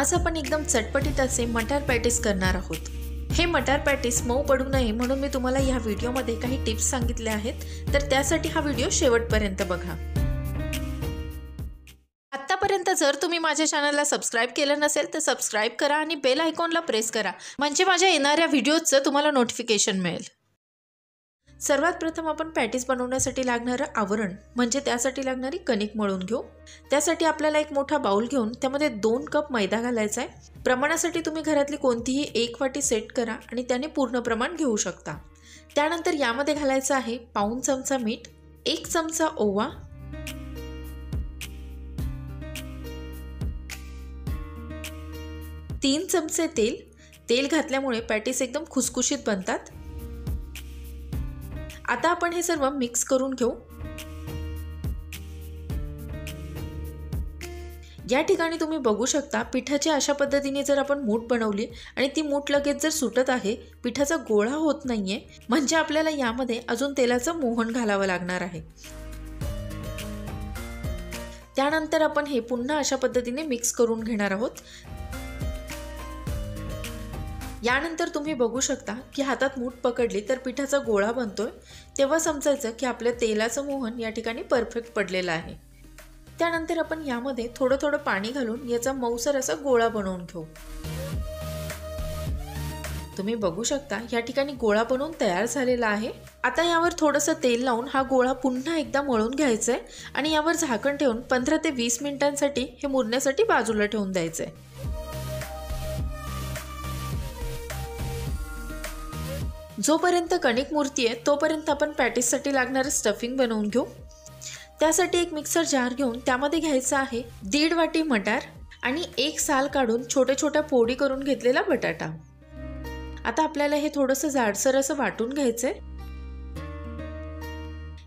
आज आपण एकदम चटपटीत असे मटार पॅटीस करणार आहोत हे मटार पॅटीस मऊ पडू नये म्हणून मी तुम्हाला या व्हिडिओमध्ये काही टिप्स सांगितले आहेत तर त्यासाठी हा व्हिडिओ शेवटपर्यंत बघा आतापर्यंत जर तुम्ही माझ्या चॅनलला सबस्क्राईब केलं नसेल तर सबस्क्राईब करा आणि बेल आयकॉनला प्रेस करा म्हणजे माझ्या येणाऱ्या व्हिडिओचं तुम्हाला नोटिफिकेशन मिळेल सर्वात प्रथम आपण पॅटीस बनवण्यासाठी लागणारं आवरण म्हणजे त्यासाठी लागणारी कणिक मळून घेऊ त्यासाठी आपल्याला एक मोठा बाउल घेऊन त्यामध्ये दोन कप मैदा घालायचा आहे प्रमाणासाठी तुम्ही घरातली कोणतीही एक वाटी सेट करा आणि त्याने पूर्ण प्रमाण घेऊ शकता त्यानंतर यामध्ये घालायचं आहे पाऊन चमचा मीठ एक चमचा ओवा तीन चमचे तेल तेल घातल्यामुळे पॅटीस एकदम खुसखुशीत बनतात आता आपण हे सर्व मिक्स करून घेऊ या ठिकाणी तुम्ही बघू शकता पिठाची अशा पद्धतीने जर आपण मूठ बनवली आणि ती मूठ लगेच जर सुटत आहे पिठाचा गोळा होत नाहीये म्हणजे आपल्याला यामध्ये अजून तेलाचं मोहन घालावं लागणार आहे त्यानंतर आपण हे पुन्हा अशा पद्धतीने मिक्स करून घेणार आहोत यानंतर तुम्ही बघू शकता की हातात मूठ पकडली तर पिठाचा गोळा बनतोय तेव्हा समजायचं की आपल्या तेलाचं मोहन या ठिकाणी परफेक्ट पडलेलं आहे त्यानंतर आपण यामध्ये थोडं थोडं पाणी घालून याचा मऊसर असा गोळा बनवून घेऊ तुम्ही बघू शकता या ठिकाणी गोळा बनवून तयार झालेला आहे आता यावर थोडंसं तेल लावून हा गोळा पुन्हा एकदा मळून घ्यायचा आहे आणि यावर झाकण ठेवून पंधरा ते वीस मिनिटांसाठी हे मुरण्यासाठी बाजूला ठेवून द्यायचं आहे जोपर्यंत कणिक मूर्ती आहे तोपर्यंत आपण पॅटीससाठी लागणारं स्टफिंग बनवून घेऊ त्यासाठी एक मिक्सर जार घेऊन त्यामध्ये घ्यायचं आहे दीड वाटी मटार आणि एक साल काढून छोट्या छोट्या पोडी करून घेतलेला बटाटा आता आपल्याला हे थोडंसं जाडसर असं वाटून घ्यायचंय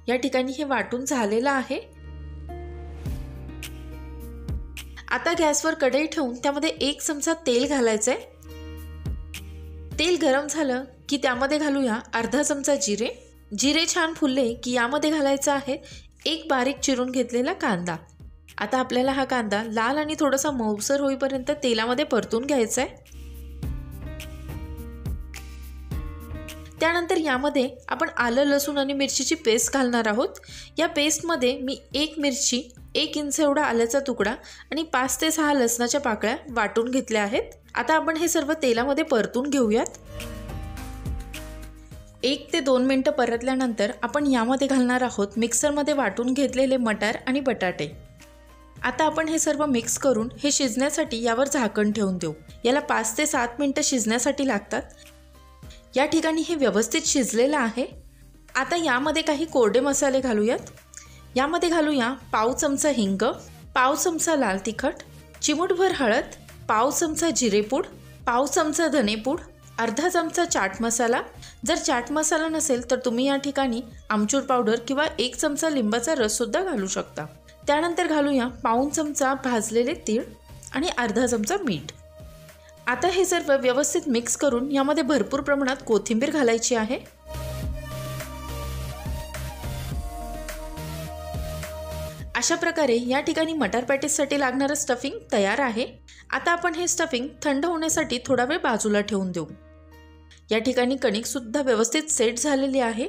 या ठिकाणी हे वाटून झालेलं आहे आता गॅसवर कढई ठेवून त्यामध्ये एक चमचा तेल घालायचंय तेल गरम झालं की त्यामध्ये घालूया अर्धा चमचा जिरे जिरे छान फुलले की यामध्ये घालायचं आहे एक बारीक चिरून घेतलेला कांदा आता आपल्याला हा कांदा लाल आणि थोडासा मऊसर होईपर्यंत तेलामध्ये परतून घ्यायचा आहे त्यानंतर यामध्ये आपण आलं लसूण आणि मिरचीची पेस्ट घालणार आहोत या पेस्टमध्ये मी एक मिरची एक इंच एवढा आल्याचा तुकडा आणि पाच ते सहा लसणाच्या पाकळ्या वाटून घेतल्या आहेत आता आपण हे सर्व तेलामध्ये परतून घेऊयात एक ते दोन मिनटं परतल्यानंतर आपण यामध्ये घालणार आहोत मिक्सरमध्ये वाटून घेतलेले मटार आणि बटाटे आता आपण हे सर्व मिक्स करून हे शिजण्यासाठी यावर झाकण ठेवून देऊ याला पाच ते सात मिनटं शिजण्यासाठी लागतात या ठिकाणी हे व्यवस्थित शिजलेलं आहे आता यामध्ये काही कोरडे मसाले घालूयात यामध्ये घालूया पाव चमचा हिंग पाव चमचा लाल तिखट चिमूटभर हळद पाव चमचा जिरेपूड पाव चमचा धनेपूड अर्धा चमचा चाट मसाला जर चाट मसाला नसेल तर तुम्ही या ठिकाणी आमचूर पावडर किंवा एक चमचा लिंबाचा रससुद्धा घालू शकता त्यानंतर घालूया पाऊन चमचा भाजलेले तीळ आणि अर्धा चमचा मीठ आता हे सर्व व्यवस्थित मिक्स करून यामध्ये भरपूर प्रमाणात कोथिंबीर घालायची आहे अशा प्रकारे या ठिकाणी मटार पॅटीससाठी लागणारं स्टफिंग तयार आहे आता आपण हे स्टफिंग थंड होण्यासाठी थोडा वेळ बाजूला ठेवून देऊ या ठिकाणी कणिकसुद्धा व्यवस्थित सेट झालेली आहे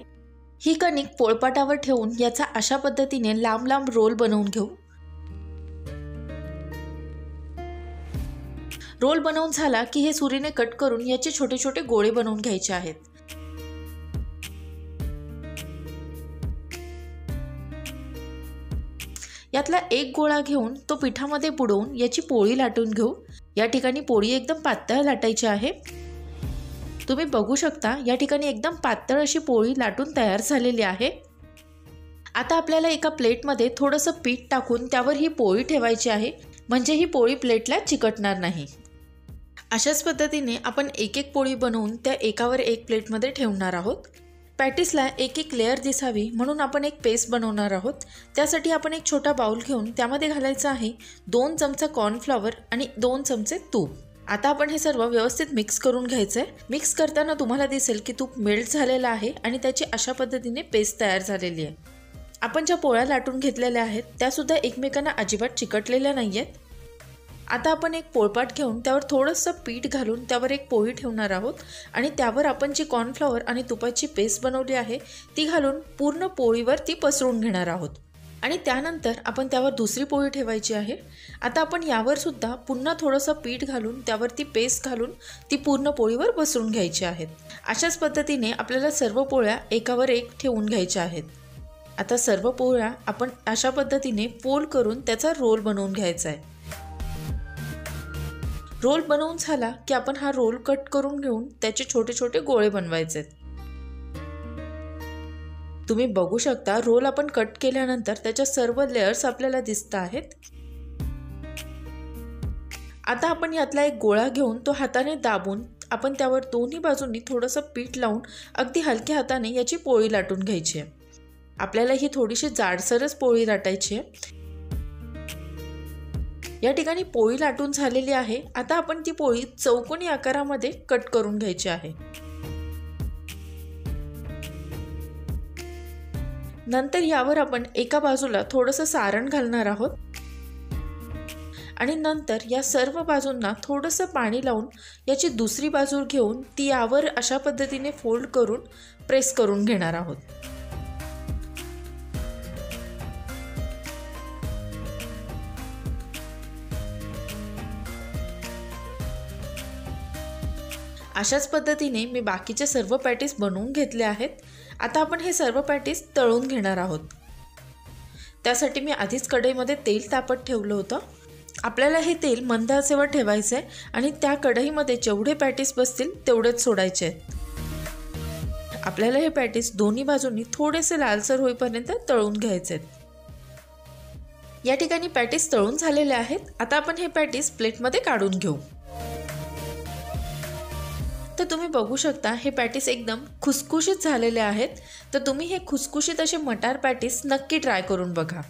ही कणिक पोळपाटावर ठेवून याचा अशा पद्धतीने लांब लांब रोल बनवून घेऊ रोल बनवून झाला की हे सुरीने कट करून याचे छोटे छोटे गोळे बनवून घ्यायचे आहेत यातला एक गोळा घेऊन तो पिठामध्ये बुडवून याची पोळी लाटून घेऊ या ठिकाणी पोळी एकदम पातळ लाटायची आहे तुम्ही बघू शकता या ठिकाणी एकदम पातळ अशी पोळी लाटून तयार झालेली आहे आता आपल्याला एका प्लेटमध्ये थोडंसं पीठ टाकून त्यावर ही पोळी ठेवायची आहे म्हणजे ही पोळी प्लेटला चिकटणार नाही अशाच पद्धतीने आपण एक एक पोळी बनवून त्या एकावर एक प्लेटमध्ये ठेवणार आहोत पॅटिसला एक एक लेअर दिसावी म्हणून आपण एक पेस्ट बनवणार आहोत त्यासाठी आपण एक छोटा बाऊल घेऊन त्यामध्ये घालायचं आहे दोन चमचा कॉर्नफ्लॉवर आणि दोन चमचे तूप आता आपण हे सर्व व्यवस्थित मिक्स करून घ्यायचं आहे मिक्स करताना तुम्हाला दिसेल की तूप मेल्ट झालेलं आहे आणि त्याची अशा पद्धतीने पेस्ट तयार झालेली आहे आपण ज्या पोळ्या लाटून घेतलेल्या आहेत त्यासुद्धा एकमेकांना अजिबात चिकटलेल्या नाही आहेत आता आपण एक पोळपाट घेऊन त्यावर थोडंसं पीठ घालून त्यावर एक पोळी ठेवणार आहोत आणि त्यावर आपण जी कॉर्नफ्लॉवर आणि तुपाची पेस्ट बनवली आहे ती घालून पूर्ण पोळीवर ती पसरून घेणार आहोत आणि त्यानंतर आपण त्यावर दुसरी पोळी ठेवायची आहे आता आपण यावरसुद्धा पुन्हा थोडंसं पीठ घालून त्यावर ती पेस्ट घालून ती पूर्ण पोळीवर पसरून घ्यायची आहेत अशाच पद्धतीने आपल्याला सर्व पोळ्या एकावर एक ठेवून घ्यायच्या आहेत आता सर्व पोळ्या आपण अशा पद्धतीने पोल करून त्याचा रोल बनवून घ्यायचा आहे रोल बनवून झाला की आपण हा रोल कट करून घेऊन त्याचे छोटे छोटे गोळे बनवायचे तुम्ही बघू शकता रोल आपण कट केल्यानंतर त्याच्या सर्व लेयर्स आपल्याला दिसत आहेत आता आपण यातला एक गोळा घेऊन तो हाताने दाबून आपण त्यावर दोन्ही बाजूंनी थोडंसं पीठ लावून अगदी हलक्या हाताने याची पोळी लाटून घ्यायची आहे आपल्याला ही थोडीशी जाडसरच पोळी लाटायची आहे या ठिकाणी पोळी लाटून झालेली आहे आता आपण ती पोळी चौकोनी आकारामध्ये कट करून घ्यायची आहे नंतर यावर आपण एका बाजूला थोडंसं सारण घालणार आहोत आणि नंतर या सर्व बाजूंना थोडस पाणी लावून याची दुसरी बाजू घेऊन ती यावर अशा पद्धतीने फोल्ड करून प्रेस करून घेणार आहोत अशाच पद्धतीने मी बाकीचे सर्व पॅटीस बनवून घेतले आहेत आता आपण हे सर्व पॅटीस तळून घेणार आहोत त्यासाठी मी आधीच कढईमध्ये तेल तापत ठेवलं होतं आपल्याला हे तेल मंद असेवर ठेवायचं आहे आणि त्या कढईमध्ये जेवढे पॅटीस बसतील तेवढेच सोडायचे आहेत आपल्याला हे पॅटीस दोन्ही बाजूंनी थोडेसे लालसर होईपर्यंत तळून घ्यायचे आहेत या ठिकाणी पॅटीस तळून झालेले आहेत आता आपण हे पॅटीस प्लेटमध्ये काढून घेऊ तर तुम्ही बघू शकता हे पॅटीस एकदम खुसखुशीत झालेले आहेत तर तुम्ही हे खुसखुशीत असे मटार पॅटीस नक्की ट्राय करून बघा